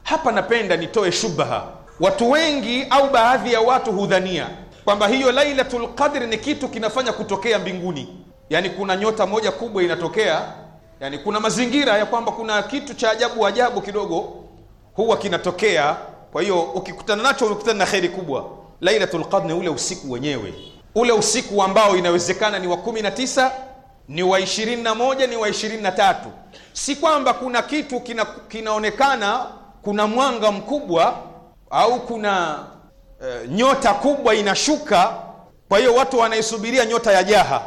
Hapa napenda nitoe shubha, watu wengi au baadhi ya watu hudhania kwamba hiyo Lailatul Qadr ni kitu kinafanya kutokea mbinguni, yani kuna nyota moja kubwa inatokea, yani kuna mazingira ya kwamba kuna kitu cha ajabu ajabu kidogo huwa kinatokea. Kwa hiyo ukikutana nacho unakutana na kheri kubwa. Lailatul Qadr ni ule usiku wenyewe, ule usiku ambao inawezekana ni wa kumi na tisa ni wa ishirini na moja ni wa ishirini na tatu Si kwamba kuna kitu kina, kinaonekana kuna mwanga mkubwa au kuna Eh, nyota kubwa inashuka. Kwa hiyo watu wanaisubiria nyota ya jaha,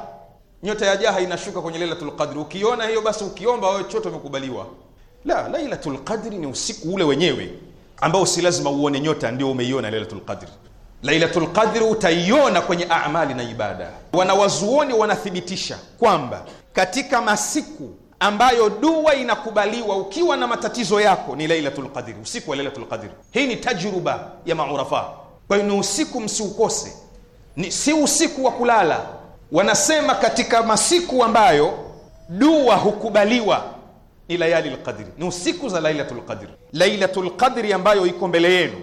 nyota ya jaha inashuka kwenye Lailatul Qadri. Ukiona hiyo basi, ukiomba wewe chote umekubaliwa. La, Lailatul Qadri ni usiku ule wenyewe ambao si lazima uone nyota ndio umeiona Lailatul Qadri. Lailatul Qadri utaiona kwenye amali na ibada. Wanawazuoni wanathibitisha kwamba katika masiku ambayo dua inakubaliwa ukiwa na matatizo yako ni Lailatul Qadri, usiku wa Lailatul Qadri. Hii ni tajruba ya maurafa kwa hiyo ni usiku msiukose, ni si usiku wa kulala. Wanasema katika masiku ambayo dua hukubaliwa ni layali lqadri, ni usiku za lailatul qadri. Lailatul qadri ambayo iko mbele yenu,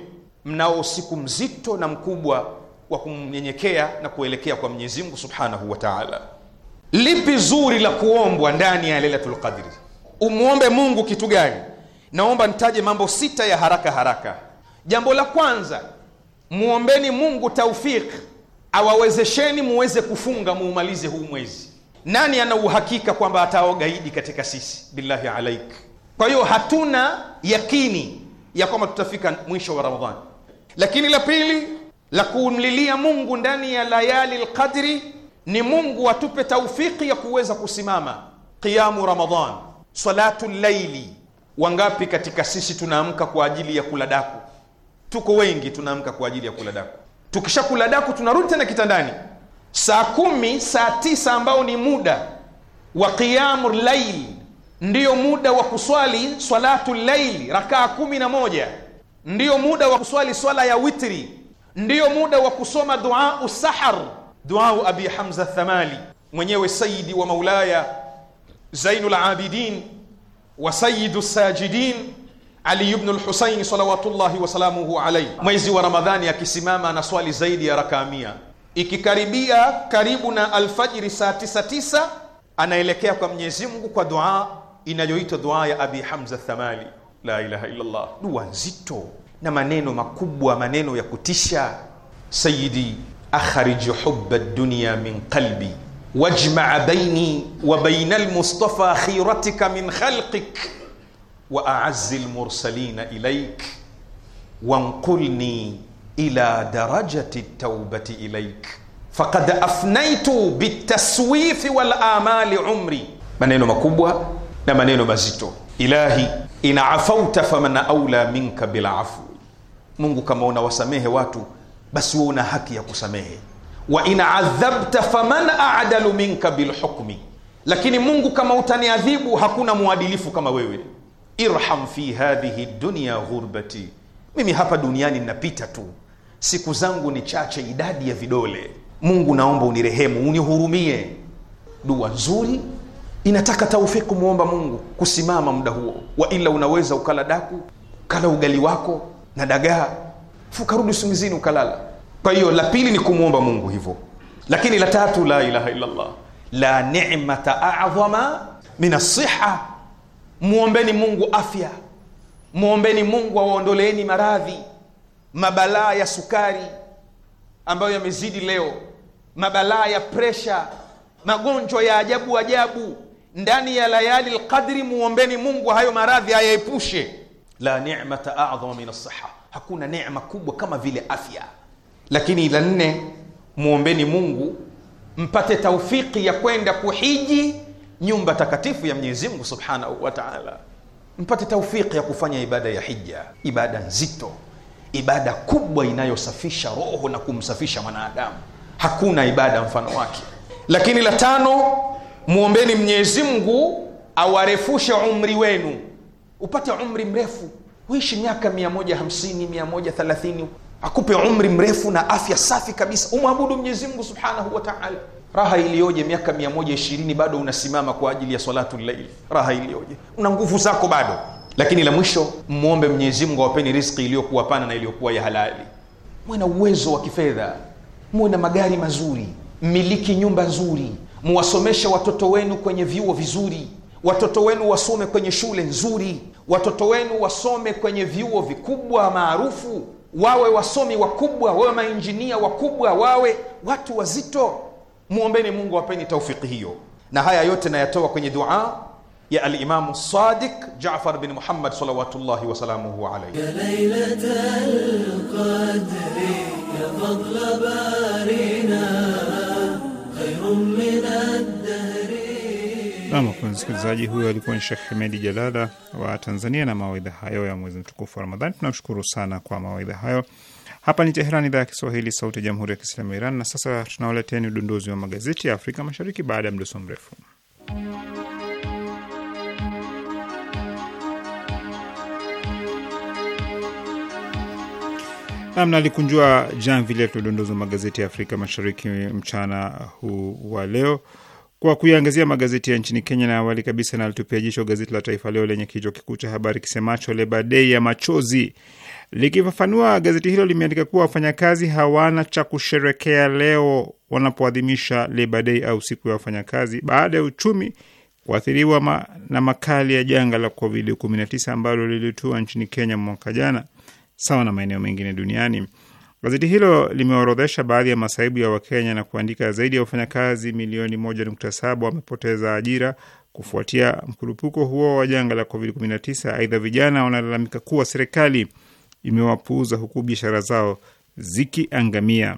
mnao usiku mzito na mkubwa wa kumnyenyekea na kuelekea kwa Mwenyezi Mungu subhanahu wa taala. Lipi zuri la kuombwa ndani ya lailatul qadri? Umwombe Mungu kitu gani? Naomba nitaje mambo sita ya haraka haraka. Jambo la kwanza muombeni Mungu taufik, awawezesheni muweze kufunga muumalize huu mwezi. Nani ana uhakika kwamba ataogaidi katika sisi? Billahi alaik. Kwa hiyo hatuna yakini ya kwamba tutafika mwisho wa Ramadhani. Lakini la pili la kumlilia Mungu ndani ya layali lqadri ni Mungu atupe taufiki ya kuweza kusimama qiyamu Ramadhan, salatu llaili. Wangapi katika sisi tunaamka kwa ajili ya kula daku tuko wengi tunaamka kwa ajili ya kula daku. Tukishakula daku tunarudi tena kitandani saa kumi, saa tisa, ambao ni muda wa qiyamu lail, ndiyo muda wa kuswali swalatu laili rakaa kumi na moja, ndiyo muda wa kuswali swala ya witri, ndiyo muda wa kusoma duau sahar, duau Abi Hamza Thamali mwenyewe sayidi wa maulaya zainulabidin wa sayidu sajidin ali ibn al-Husayn salawatullahi wasalamuhu alayhi, mwezi wa Ramadhani akisimama na swali zaidi ya rakaa mia. Ikikaribia karibu na alfajiri saa tisa tisa anaelekea kwa Mwenyezi Mungu kwa dua inayoitwa dua ya Abi Hamza Thamali, la ilaha illa Allah. Dua nzito na maneno makubwa, maneno ya kutisha. Sayyidi akhrij hubba dunya min qalbi wajma baini wa baina al-Mustafa khiratika min khalqik wa aazzi lmursalina ilaik wanqulni ila darajati taubati ilaik fakad afnaitu bitaswifi walamali umri, maneno makubwa na maneno mazito. Ilahi, ina afauta faman aula minka bila afu, Mungu kama unawasamehe watu basi wewe una haki ya kusamehe. Wa in adhabta faman adalu minka bilhukmi, lakini Mungu kama utaniadhibu hakuna mwadilifu kama wewe irham fi hadhihi dunya ghurbati, mimi hapa duniani ninapita tu, siku zangu ni chache, idadi ya vidole. Mungu naomba unirehemu, unihurumie. Dua nzuri inataka taufiki kumwomba Mungu kusimama muda huo, wa ila unaweza ukala daku kala ugali wako na dagaa fukarudi usingizini ukalala. Kwa hiyo la pili ni kumwomba Mungu hivyo, lakini la tatu, la ilaha illallah la ni'mata a'dhama min asiha mwombeni mungu afya mwombeni mungu awaondoleeni maradhi mabalaa ya sukari ambayo yamezidi leo mabalaa ya presha magonjwa ya ajabu ajabu ndani ya layali lqadri muombeni mungu hayo maradhi ayaepushe la nimata adhama min alsiha hakuna nema kubwa kama vile afya lakini la nne muombeni mungu mpate taufiki ya kwenda kuhiji nyumba takatifu ya Mwenyezi Mungu Subhanahu wa Ta'ala, mpate taufiki ya kufanya ibada ya hija, ibada nzito, ibada kubwa inayosafisha roho na kumsafisha mwanadamu. Hakuna ibada mfano wake. Lakini la tano, muombeni Mwenyezi Mungu awarefushe umri wenu, upate umri mrefu, uishi miaka 150, 130, akupe umri mrefu na afya safi kabisa, umwabudu Mwenyezi Mungu Subhanahu wa Ta'ala raha iliyoje miaka 120 bado unasimama kwa ajili ya salatu laili raha iliyoje una nguvu zako bado lakini la mwisho mwombe mwenyezi mungu awapeni riski iliyokuwa pana na iliyokuwa ya halali muwe na uwezo wa kifedha muwe na magari mazuri mmiliki nyumba nzuri muwasomeshe watoto wenu kwenye vyuo vizuri watoto wenu wasome kwenye shule nzuri watoto wenu wasome kwenye vyuo vikubwa maarufu wawe wasomi wakubwa wawe mainjinia wakubwa wawe watu wazito mwombeni Mungu apeni taufiki hiyo. Na haya yote nayatoa kwenye dua ya Alimamu Sadiq Jaafar bin Muhammad salawatullahi wasalamuhu alaihi. Ya Lailatal Qadri ya fadla barina khayrun min ad-dahri. msikilizaji huyo alikuwa ni Sheikh Hemedi Jalala wa Tanzania na mawaidha hayo ya mwezi mtukufu wa Ramadhani. Tunamshukuru sana kwa mawaidha hayo hapa ni Teherani, idhaa ya Kiswahili, sauti ya jamhuri ya kiislamu ya Iran. Na sasa tunawaleteni udondozi wa magazeti ya Afrika Mashariki baada ya mdoso mrefu. Namna alikunjua jamvi vile udondozi wa magazeti ya Afrika Mashariki mchana huu wa leo kwa kuiangazia magazeti ya nchini Kenya, na awali kabisa nalitupia jicho gazeti la Taifa Leo lenye kichwa kikuu cha habari kisemacho leba dei ya machozi Likifafanua, gazeti hilo limeandika kuwa wafanyakazi hawana cha kusherekea leo wanapoadhimisha Labour Day au siku ya wafanyakazi baada ya uchumi kuathiriwa ma, na makali ya janga la COVID-19 ambalo lilitua nchini Kenya mwaka jana sawa na maeneo mengine duniani. Gazeti hilo limeorodhesha baadhi ya masaibu ya Wakenya na kuandika zaidi ya wafanyakazi milioni 1.7 wamepoteza ajira kufuatia mkurupuko huo wa janga la COVID-19. Aidha, vijana wanalalamika kuwa serikali imewapuuza huku biashara zao zikiangamia.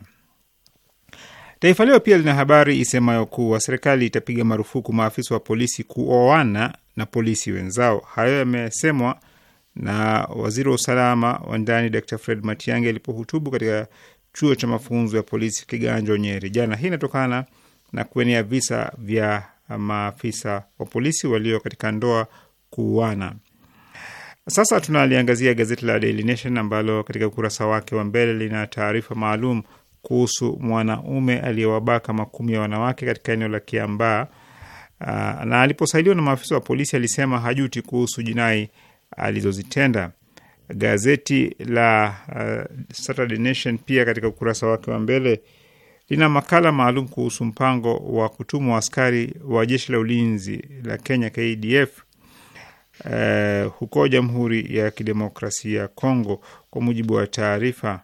Taifa Leo pia lina habari isemayo kuwa serikali itapiga marufuku maafisa wa polisi kuoana na polisi wenzao. Hayo yamesemwa na waziri wa usalama wa ndani Dr Fred Matiang'i alipohutubu katika chuo cha mafunzo ya polisi Kiganjo, Nyeri jana. Hii inatokana na kuenea visa vya maafisa wa polisi walio katika ndoa kuuana. Sasa tunaliangazia gazeti la Daily Nation ambalo katika ukurasa wake wa mbele lina taarifa maalum kuhusu mwanaume aliyewabaka makumi ya wanawake katika eneo la Kiambaa. Uh, na aliposailiwa na maafisa wa polisi alisema hajuti kuhusu jinai alizozitenda. Gazeti la uh, Saturday Nation pia katika ukurasa wake wa mbele lina makala maalum kuhusu mpango wa kutumwa askari wa jeshi la ulinzi la Kenya KDF e eh, huko Jamhuri ya Kidemokrasia ya Kongo. Kwa mujibu wa taarifa,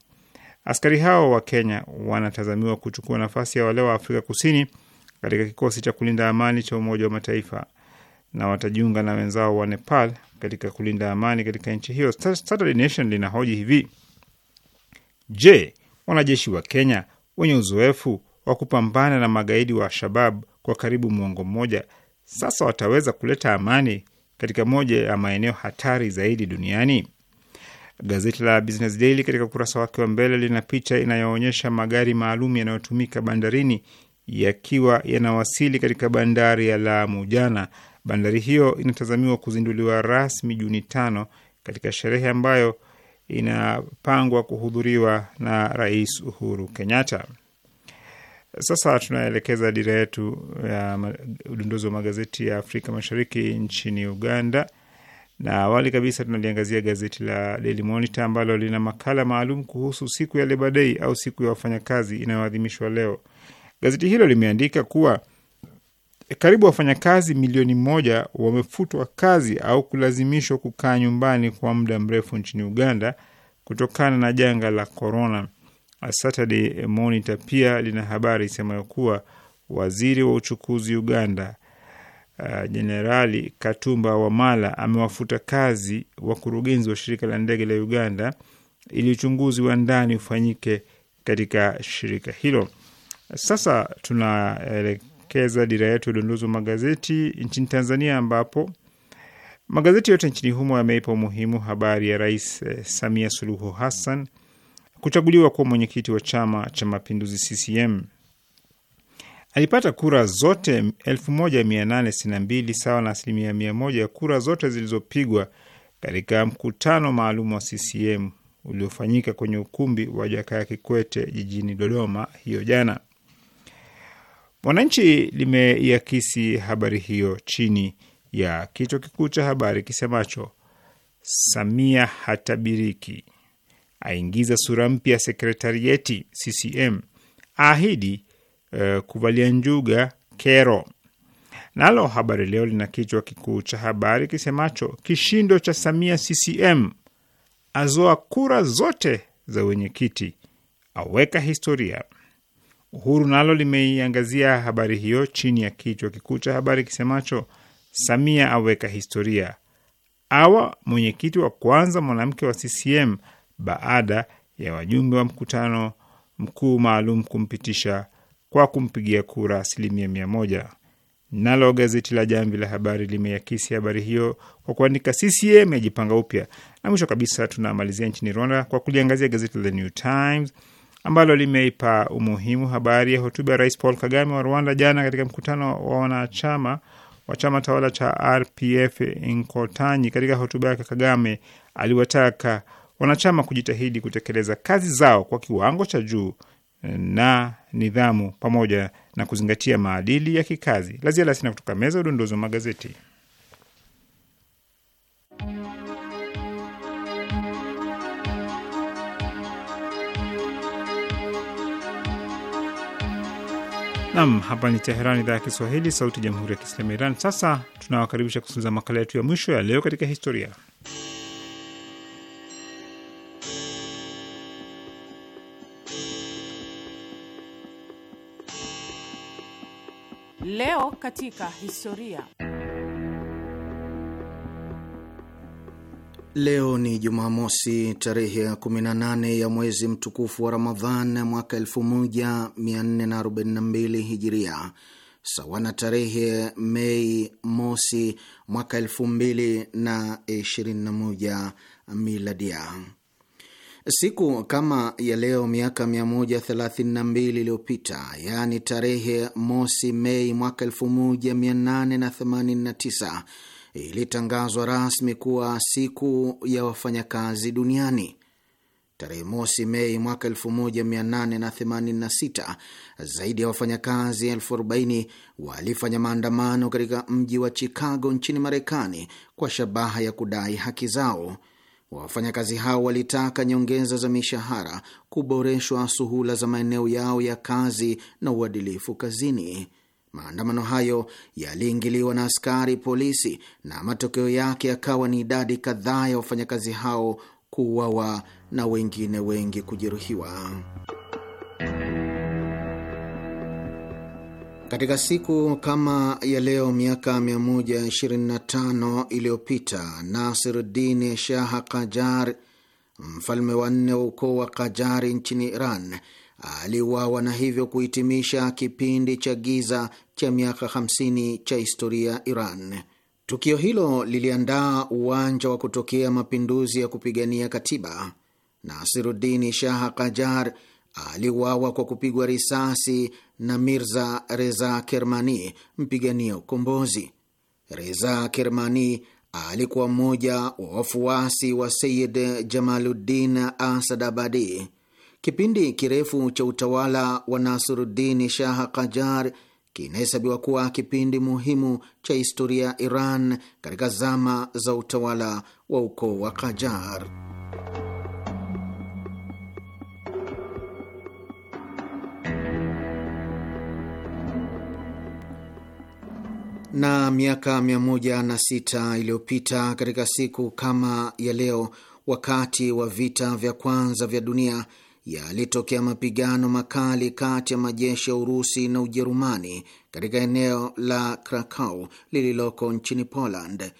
askari hao wa Kenya wanatazamiwa kuchukua nafasi ya wale wa Afrika Kusini katika kikosi cha kulinda amani cha Umoja wa Mataifa na watajiunga na wenzao wa Nepal katika kulinda amani katika nchi hiyo. Saturday Nation linahoji hivi: Je, wanajeshi wa Kenya wenye uzoefu wa kupambana na magaidi wa shabab kwa karibu mwongo mmoja sasa wataweza kuleta amani katika moja ya maeneo hatari zaidi duniani. Gazeti la Business Daily katika ukurasa wake wa mbele lina picha inayoonyesha magari maalum yanayotumika bandarini yakiwa yanawasili katika bandari ya Lamu jana. Bandari hiyo inatazamiwa kuzinduliwa rasmi Juni tano katika sherehe ambayo inapangwa kuhudhuriwa na Rais Uhuru Kenyatta. Sasa tunaelekeza dira yetu ya udondozi wa magazeti ya Afrika Mashariki nchini Uganda, na awali kabisa tunaliangazia gazeti la Daily Monitor ambalo lina makala maalum kuhusu siku ya Labour Day au siku ya wafanyakazi inayoadhimishwa leo. Gazeti hilo limeandika kuwa karibu wafanyakazi milioni moja wamefutwa kazi au kulazimishwa kukaa nyumbani kwa muda mrefu nchini Uganda kutokana na janga la korona. Saturday Monitor pia lina habari isemayo kuwa waziri wa uchukuzi Uganda uh, Jenerali uh, Katumba Wamala amewafuta kazi wakurugenzi wa shirika la ndege la Uganda ili uchunguzi wa ndani ufanyike katika shirika hilo. Sasa tunaelekeza dira yetu ya udondozi wa magazeti nchini Tanzania, ambapo magazeti yote nchini humo yameipa umuhimu habari ya Rais eh, Samia Suluhu Hassan kuchaguliwa kuwa mwenyekiti wa chama cha mapinduzi CCM. Alipata kura zote 1862 sawa na asilimia 100 ya kura zote zilizopigwa katika mkutano maalum wa CCM uliofanyika kwenye ukumbi wa Jakaya Kikwete jijini Dodoma hiyo jana. Mwananchi limeiakisi habari hiyo chini ya kichwa kikuu cha habari kisemacho Samia hatabiriki aingiza sura mpya sekretarieti CCM, aahidi uh, eh, kuvalia njuga kero. Nalo Habari Leo lina kichwa kikuu cha habari kisemacho kishindo cha Samia CCM, azoa kura zote za wenyekiti, aweka historia. Uhuru nalo limeiangazia habari hiyo chini ya kichwa kikuu cha habari kisemacho Samia aweka historia, awa mwenyekiti wa kwanza mwanamke wa CCM baada ya wajumbe wa mkutano mkuu maalum kumpitisha kwa kumpigia kura asilimia mia moja. Nalo gazeti la Jamvi la Habari limeakisi habari hiyo kwa kuandika CCM yajipanga upya. Na mwisho kabisa, tunamalizia nchini Rwanda kwa kuliangazia gazeti la The New Times ambalo limeipa umuhimu habari ya hotuba ya Rais Paul Kagame wa Rwanda jana katika mkutano wa wanachama wa chama tawala cha RPF Inkotanyi. Katika hotuba yake, Kagame aliwataka wanachama kujitahidi kutekeleza kazi zao kwa kiwango cha juu eh, na nidhamu pamoja na kuzingatia maadili ya kikazi. La ziada sina kutoka meza udondozi wa magazeti. Nam, hapa ni Teheran, idhaa ya Kiswahili, sauti ya jamhuri ya kiislamu ya Iran. Sasa tunawakaribisha kusikiliza makala yetu ya mwisho ya leo katika historia Leo katika historia. Leo ni Jumamosi, tarehe ya 18 ya mwezi mtukufu wa Ramadhan mwaka 1442 Hijiria, sawa na tarehe Mei mosi mwaka 2021 Miladia. Siku kama ya leo miaka 132 iliyopita, yaani tarehe mosi Mei mwaka 1889 ilitangazwa rasmi kuwa siku ya wafanyakazi duniani. Tarehe mosi Mei mwaka 1886 zaidi ya wafanyakazi elfu arobaini walifanya maandamano katika mji wa Chicago nchini Marekani kwa shabaha ya kudai haki zao. Wafanyakazi hao walitaka nyongeza za mishahara, kuboreshwa suhula za maeneo yao ya kazi na uadilifu kazini. Maandamano hayo yaliingiliwa na askari polisi na matokeo yake yakawa ni idadi kadhaa ya wafanyakazi hao kuuawa na wengine wengi kujeruhiwa. Katika siku kama ya leo miaka 125 iliyopita Nasiruddin Shaha Kajar, mfalme wa nne wa ukoo wa Kajari nchini Iran, aliuawa na hivyo kuhitimisha kipindi cha giza cha miaka 50 cha historia ya Iran. Tukio hilo liliandaa uwanja wa kutokea mapinduzi ya kupigania katiba. Nasiruddin Shaha Kajar aliuawa kwa kupigwa risasi na Mirza Reza Kermani, mpigania ukombozi. Reza Kermani alikuwa mmoja wa wafuasi wa Sayid Jamaluddin abadi Kipindi kirefu cha utawala wa Nasiruddin shah Kajar kinahesabiwa kuwa kipindi muhimu cha historia ya Iran katika zama za utawala wa ukoo wa Kajar. Na miaka 106 iliyopita katika siku kama ya leo, wakati wa vita vya kwanza vya dunia, yalitokea mapigano makali kati ya majeshi ya Urusi na Ujerumani katika eneo la Krakow lililoko nchini Poland.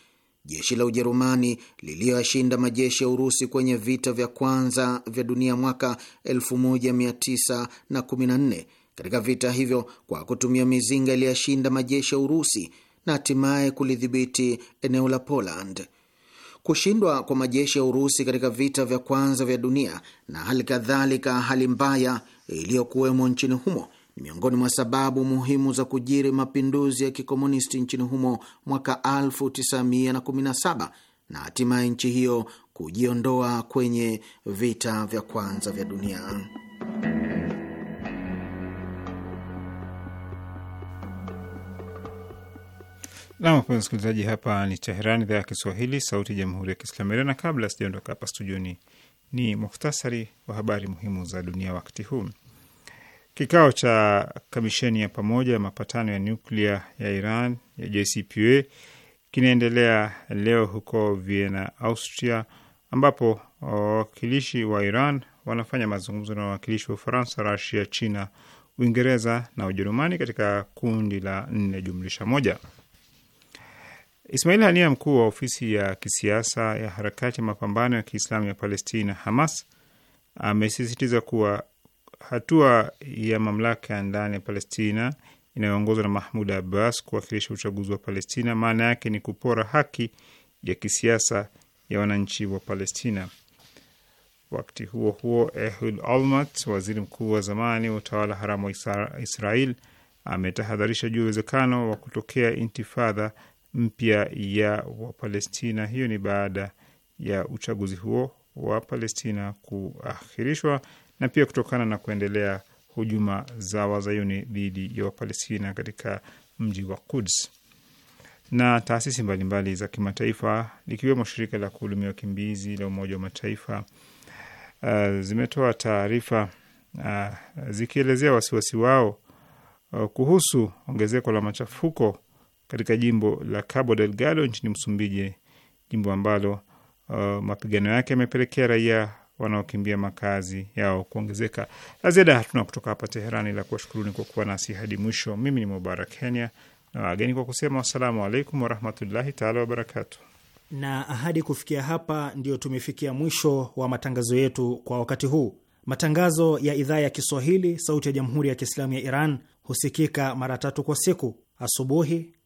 Jeshi la Ujerumani liliyoyashinda majeshi ya Urusi kwenye vita vya kwanza vya dunia mwaka 1914 katika vita hivyo kwa kutumia mizinga iliyashinda majeshi ya Urusi na hatimaye kulidhibiti eneo la Poland. Kushindwa kwa majeshi ya Urusi katika vita vya kwanza vya dunia na hali kadhalika hali mbaya iliyokuwemo nchini humo ni miongoni mwa sababu muhimu za kujiri mapinduzi ya kikomunisti nchini humo mwaka 1917 na hatimaye nchi hiyo kujiondoa kwenye vita vya kwanza vya dunia. Nam, wapenzi msikilizaji, hapa ni Teheran, idhaa ya Kiswahili, sauti ya jamhuri ya kiislamu Iran. Na kabla sijaondoka hapa studioni, ni muhtasari wa habari muhimu za dunia wakati huu. Kikao cha kamisheni ya pamoja ya mapatano ya nyuklia ya Iran ya JCPOA kinaendelea leo huko Vienna, Austria, ambapo wawakilishi wa Iran wanafanya mazungumzo na wawakilishi wa Ufaransa, Rasia, China, Uingereza na Ujerumani katika kundi la nne jumlisha moja. Ismail Hania, mkuu wa ofisi ya kisiasa ya harakati ya mapambano ya Kiislamu ya Palestina, Hamas, amesisitiza kuwa hatua ya mamlaka ya ndani ya Palestina inayoongozwa na Mahmud Abbas kuwakilisha uchaguzi wa Palestina maana yake ni kupora haki ya kisiasa ya wananchi wa Palestina. Wakati huo huo, Ehud Olmert, waziri mkuu wa zamani wa utawala haramu wa Israel, ametahadharisha juu ya uwezekano wa kutokea intifadha mpya ya Wapalestina. Hiyo ni baada ya uchaguzi huo wa Palestina kuahirishwa na pia kutokana na kuendelea hujuma za wazayuni dhidi ya Wapalestina katika mji wa Kuds na taasisi mbalimbali za kimataifa likiwemo shirika la kuhudumia wakimbizi la Umoja wa Mataifa uh, zimetoa taarifa uh, zikielezea wasiwasi wao uh, kuhusu ongezeko la machafuko katika jimbo la Cabo Delgado nchini Msumbiji, jimbo ambalo uh, mapigano yake yamepelekea raia wanaokimbia makazi yao kuongezeka. La ziada hatuna kutoka hapa Teherani, la kuwashukuruni kwa kuwa nasi hadi mwisho. Mimi ni Mubarak Kenya na wageni kwa kusema wassalamu alaikum warahmatullahi taala wabarakatu. Na ahadi kufikia hapa, ndiyo tumefikia mwisho wa matangazo yetu kwa wakati huu. Matangazo ya idhaa ya Kiswahili sauti ya jamhuri ya Kiislamu ya Iran husikika mara tatu kwa siku: asubuhi